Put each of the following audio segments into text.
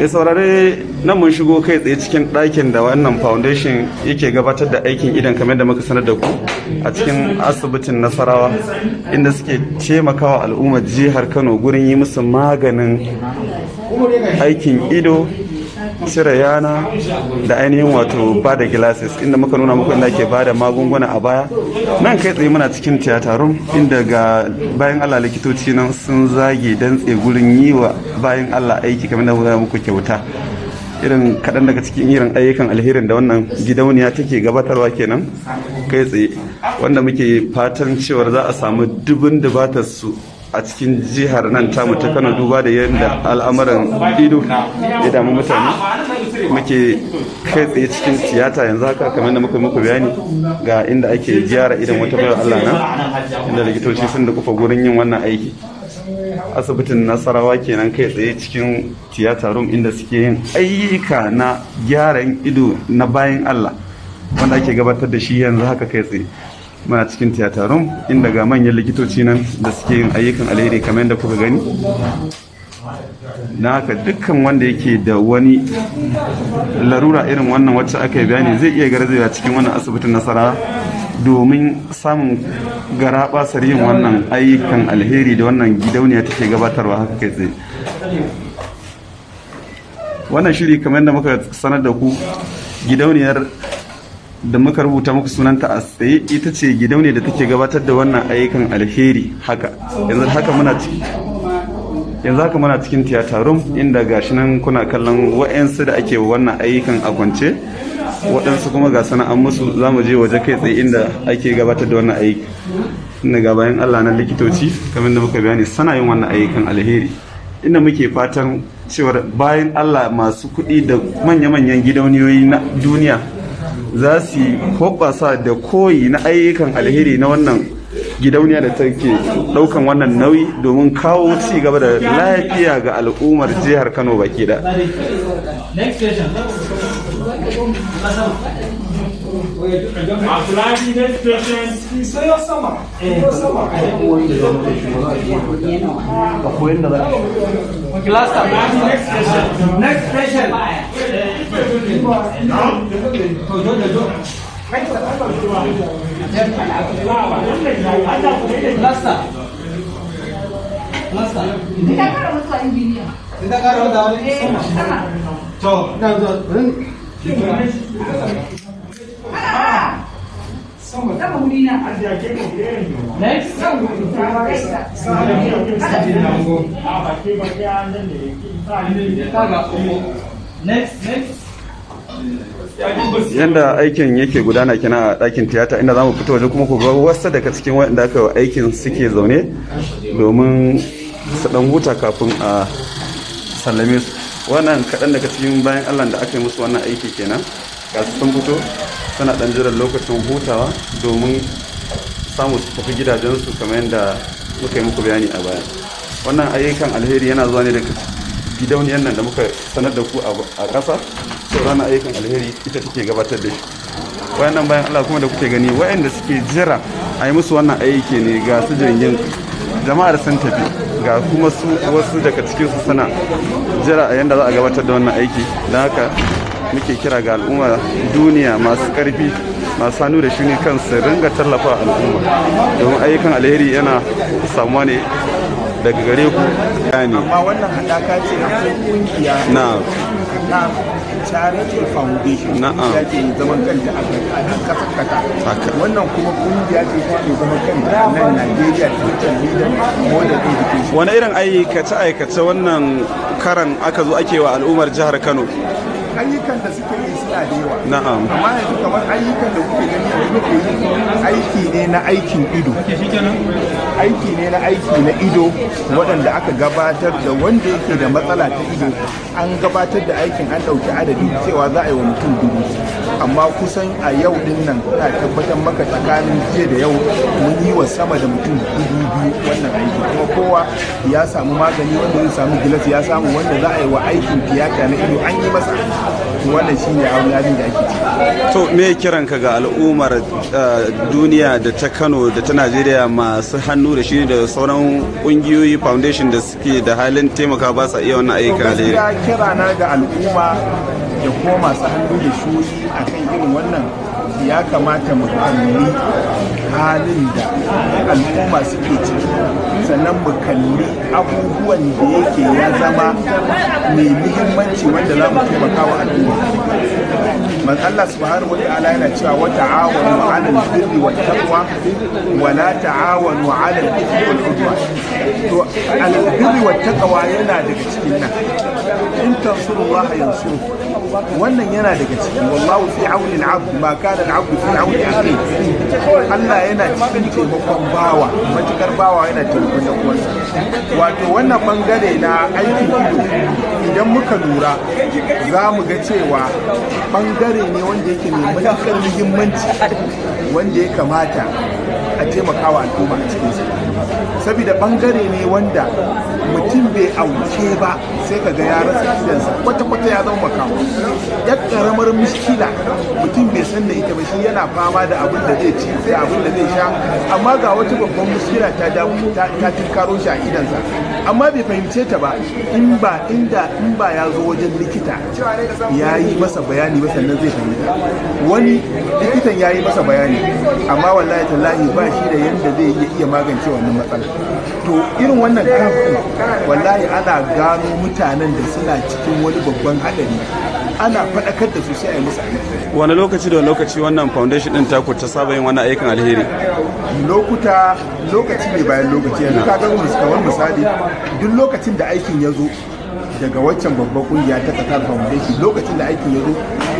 ya saurare nan mun shigo kai tsaye cikin ɗakin da wannan foundation yake gabatar da aikin idan kamar da muka sanar da ku a cikin asibitin nasarawa inda suke taimakawa al'ummar jihar kano gurin yi musu maganin aikin ido cire yana da ainihin wato ba da glasses inda muka nuna muku inda ke ba da magunguna a baya nan kai tsaye muna cikin tiyatarun inda ga bayan allah likitoci nan sun zage dantse gurin yi wa bayan allah aiki kamar da muka muku kyauta irin kaɗan daga cikin irin ayyukan alherin da wannan gidauniya take gabatarwa kenan kai tsaye wanda muke fatan cewar za a samu dubin dubatar su a cikin jihar nan tamu ta kano duba da yadda al'amuran ido ya damu mutane muke kai tsaye cikin tiyata yanzu haka kamar da muka muku bayani ga inda ake gyara idan wata bayar allah na inda likitoci sun da kufa gurin yin wannan aiki asibitin nasarawa kenan kai tsaye cikin tiyata rum inda suke yin ayyuka na gyaran ido na bayan allah wanda ake gabatar da shi yanzu haka kai tsaye muna cikin tiyatarun, inda ga manyan likitoci nan da suke yin ayyukan alheri kamar yadda kuka gani na haka dukkan wanda yake da wani larura irin wannan wacce aka yi bayani zai iya garzewa cikin wannan asibitin nasara domin samun basar yin wannan ayyukan alheri da wannan gidauniya take gabatarwa haka kai tsaye wannan shiri kamar yadda muka sanar da ku gidauniyar da muka rubuta muku sunanta a tsaye ita ce gidauniya da take gabatar da wannan ayyukan alheri haka yanzu haka muna ciki yanzu haka muna cikin tiyata room inda gashi nan kuna kallon wa'yansu da ake wannan ayyukan a kwance waɗansu kuma ga sana'an musu za mu je waje kai tsaye inda ake gabatar da wannan ayyuka inda ga bayan allah na likitoci kamar da muka bayani sana yin wannan ayyukan alheri inda muke fatan cewar bayan allah masu kuɗi da manya-manyan gidauniyoyi na duniya za su hoɓasa da koyi na ayyukan alheri na wannan gidauniya da ta ke ɗaukan wannan nauyi domin kawo ci gaba da lafiya ga al'ummar jihar kano baki da Next question. Next question. Lasta. Next, next. yanda aikin yake gudana kina a ɗakin tiyata inda za mu fito waje kuma ku ga wasu daga cikin waɗanda aka aikin suke zaune domin su ɗan huta kafin a sallame su wannan kaɗan daga cikin bayan allah da aka yi musu wannan aiki kenan ga su sun fito suna ɗan jiran lokacin hutawa domin samu su tafi gidajensu kamar yadda muka yi muku bayani a baya wannan ayyukan alheri yana zuwa ne daga gidauniyar nan da muka sanar da ku a ƙasa sauran ayyukan alheri ita take gabatar da shi wayannan bayan Allah kuma da kuke gani wayanda suke jira a yi musu wannan aiki ne ga su jirgin jama'ar sun tafi ga kuma su wasu daga cikin su suna jira a yadda za a gabatar da wannan aiki don haka muke kira ga al'umma duniya masu karfi masu hannu da shi ne kan su ringa tallafa al'umma domin ayyukan alheri yana samuwa ne daga gare ku ya ne amma wannan hadaka ce akwai kungiya na na charity foundation kungiya ke zaman kanta a kasar kasa wannan kuma kungiya ce ta ke zaman kanta a nan Najeriya ta leader modern education wani irin aikace aikace wannan karan aka zo ake wa al'ummar jihar Kano ayyukan da suke yi suna da yawa na'am amma yanzu kamar ayyukan da kuke gani yanzu kuke yi aiki ne na aikin ido aiki ne na aiki na ido waɗanda aka gabatar da wanda yake da matsala ta ido an gabatar da aikin an ɗauki adadi cewa za a yi wa mutum dubu amma kusan a yau din nan ina tabbatar maka tsakanin jiya da yau mun yi wa sama da mutum dubu biyu wannan aiki kuma kowa ya samu magani wanda zai samu gilas ya samu wanda za a yi wa aikin tiyata na ido an yi masa wannan shi ne abin halin da ake to me kiran ka ga al'ummar eh, duniya da ta kano da ta najeriya masu hannu da shi da sauran kungiyoyi foundation da suke da halin taimaka ba sa iya wannan ayyuka alheri kira na ga al'umma da kuma masu hannu da shoyi a kan irin wannan ya kamata mu halin da al'umma suke ciki sannan mu kalli abubuwan da yake ya zama mai muhimmanci wanda za mu taimaka wa al'umma من الله سبحانه وتعالى wa 'alal birri yana daga cikin nan wannan yana daga cikin wallahu fi 'auni al-'abd ma kana al-'abd fi 'auni akhi Allah yana cikin taimakon bawa matukar bawa yana wato wannan bangare na aiki idan muka lura za ga cewa bangare ne wanda yake mai matakar muhimmanci wanda ya kamata a taimakawa al'umma a cikin su saboda bangare ne wanda mutum bai auke ba sai ka ga ya rasa gidansa kwata-kwata ya zama makamu ya karamar miskila mutum bai san da ita ba shi yana fama da abin da zai ci sai abin da zai sha amma ga wata babban muskila ta ta tinkaro shi a idansa amma bai fahimce ta ba in ba inda in ba ya zo wajen likita ya yi masa bayani ba sannan zai fahimta wani likitan ya yi masa bayani amma wallahi tallahi ba shi da yadda zai iya iya magance wannan matsala to irin wannan kamfani wallahi ana gano mutanen da suna cikin wani babban haɗari ana faɗakar da su sai a yi musu aiki wani lokaci da lokaci wannan foundation din taku ta saba yin wani aikin alheri lokuta lokaci ne bayan lokaci yana. ka ga misali duk lokacin da aikin ya zo daga waccan babbar kungiya ta Qatar Foundation lokacin da aikin ya zo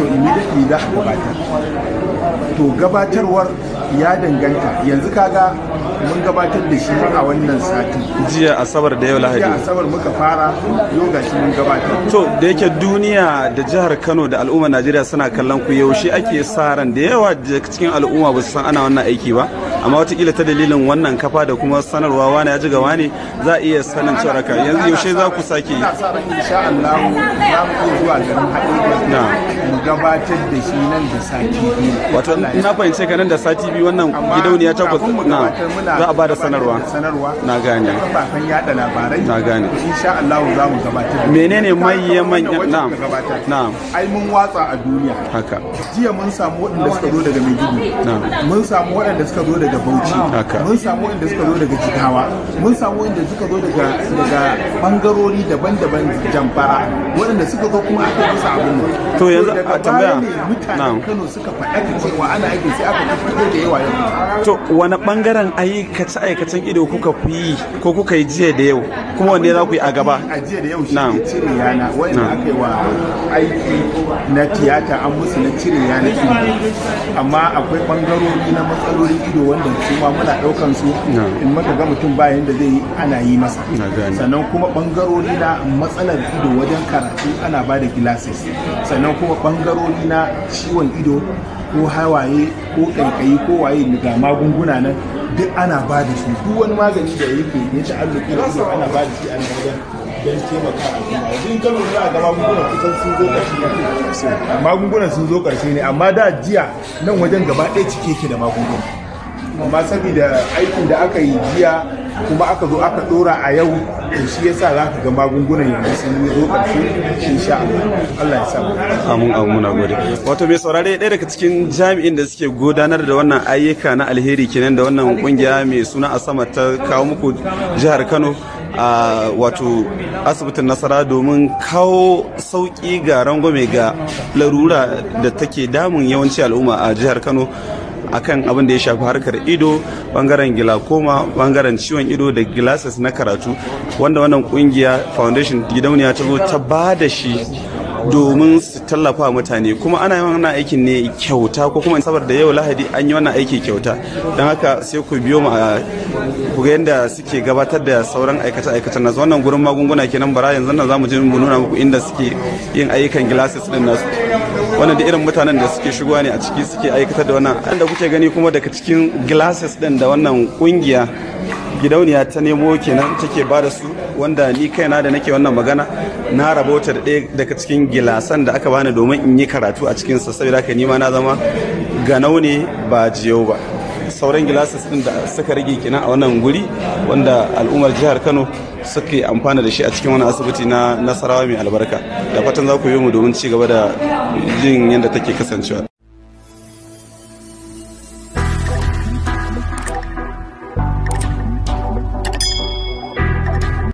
to immediately za a gabata to gabatarwar ya danganta yanzu kaga mun gabatar da shi a wannan sati jiya asabar da yau lahadi jiya asabar muka fara yau gashi mun gabatar to da yake duniya da jihar Kano da al'ummar Najeriya suna kallon ku yaushe ake sa ran da yawa cikin al'umma ba su san ana wannan aiki ba amma wataƙila ta dalilin wannan kafa da kuma sanarwa wani ya ji ga wani za a iya sanin cewa yanzu yaushe za ku sake yi insha Allah za mu iya zuwa garin haɗe mu gabatar da shi nan da sati biyu wato na fahimce ka nan da sati biyu wannan gidauniya ta na za a ba da sanarwa na gane kafafen yada labarai na gane insha Allah za mu gabatar menene manyan manyan na na ai mun watsa a duniya haka jiya mun samu waɗanda suka zo daga Maiduguri mun samu waɗanda suka zo daga Bauchi haka. mun samu waɗanda suka zo daga Jigawa mun samu waɗanda suka zo daga daga bangarori daban-daban jamfara waɗanda suka zo kuma aka musu abin nan to yanzu a tambaya mutanen Kano suka faɗa cewa ana aiki sai aka fito da yawa yau to wani bangaren aikace aikacen ido kuka yi ko kuka yi jiya da yau kuma wanne za ku yi a gaba a jiya da yau shi ne cire yana wanda aka yi wa aiki na tiyata an musu na cire yana amma akwai bangarori na matsalolin ido wanda su ma muna ɗaukan su in maka ga mutum bayan da zai yi ana yi masa sannan kuma bangarori na matsalar ido wajen karatu ana ba da glasses sannan kuma bangarori na ciwon ido ko hawaye ko kaikayi ko waye ga magunguna nan duk ana ba da su duk wani magani da yake ya ci arziki da ido ana ba da shi a wajen don taimaka a ga magungunan kusan sun zo ƙarshe ne magungunan sun zo ƙarshe ne amma da jiya nan wajen gaba ɗaya cike ke da magunguna amma saboda aikin da aka yi jiya kuma aka zo aka dora a yau to shi yasa za ka ga magungunan yanzu sun yi zo ƙarshe sha Allah Allah ya sa amin amin muna gode wato mai saurare ɗaya daga cikin jami'in da suke gudanar da wannan ayyuka na alheri kenan da wannan kungiya mai suna a sama ta kawo muku jihar Kano a wato asibitin nasara domin kawo sauƙi ga rangwame ga larura da take damun yawanci al'umma a jihar Kano akan abin da ya shafi harkar ido bangaren gilakoma bangaren ciwon ido da glasses na karatu wanda wannan kungiya foundation gidauniya ta zo ta ba da shi domin su tallafa mutane kuma ana yi wannan aikin ne kyauta ko kuma saboda yau lahadi an yi wannan aiki kyauta don haka sai ku biyo mu a ku ga yadda suke gabatar da sauran aikata aikata nasu wannan gurin magunguna kenan bara yanzu nan za mu je mu nuna muku inda suke yin ayyukan glasses din nasu wannan da irin mutanen da suke shigowa ne a ciki suke aikatar da wannan an kuke gani kuma daga cikin glasses din da wannan kungiya gidauniya ta nemo kenan take ba da su wanda ni kaina da nake wannan magana na rabota da ɗaya daga cikin gilasan da aka bani domin in yi karatu a cikinsa saboda haka ni ma na zama ganau ne ba jiyau ba sauran gilasis din da suka rage kina a wannan guri wanda al'ummar jihar kano suke amfana da shi a cikin wani asibiti na nasarawa mai albarka da fatan za ku yi mu domin ci gaba da jin yadda take kasancewa